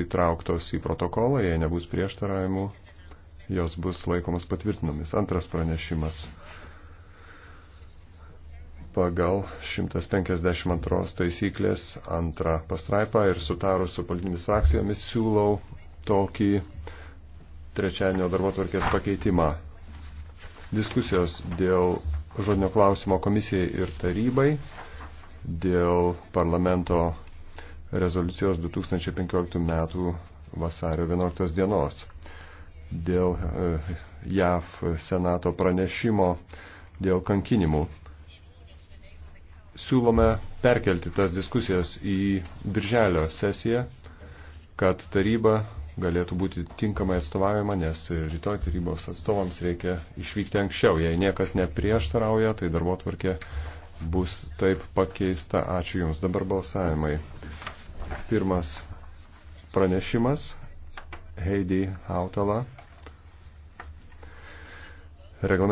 įtrauktos į protokolą, jei nebus prieštaravimų, jos bus laikomas patvirtinomis. Antras pranešimas. Pagal 152 taisyklės antrą pastraipą ir sutarus su politinėmis frakcijomis siūlau tokį trečiadienio darbo tvarkės pakeitimą. Diskusijos dėl žodinio klausimo komisijai ir tarybai, dėl parlamento rezoliucijos 2015 m. vasario 11 dienos dėl e, JAV Senato pranešimo dėl kankinimų. Siūlome perkelti tas diskusijas į birželio sesiją, kad taryba galėtų būti tinkamai atstovaujama, nes rytoj tarybos atstovams reikia išvykti anksčiau. Jei niekas neprieštarauja, tai darbo tvarkė bus taip pakeista. Ačiū Jums. Dabar balsavimai. Pirmas pranešimas Heidi Hautala. Reglamentas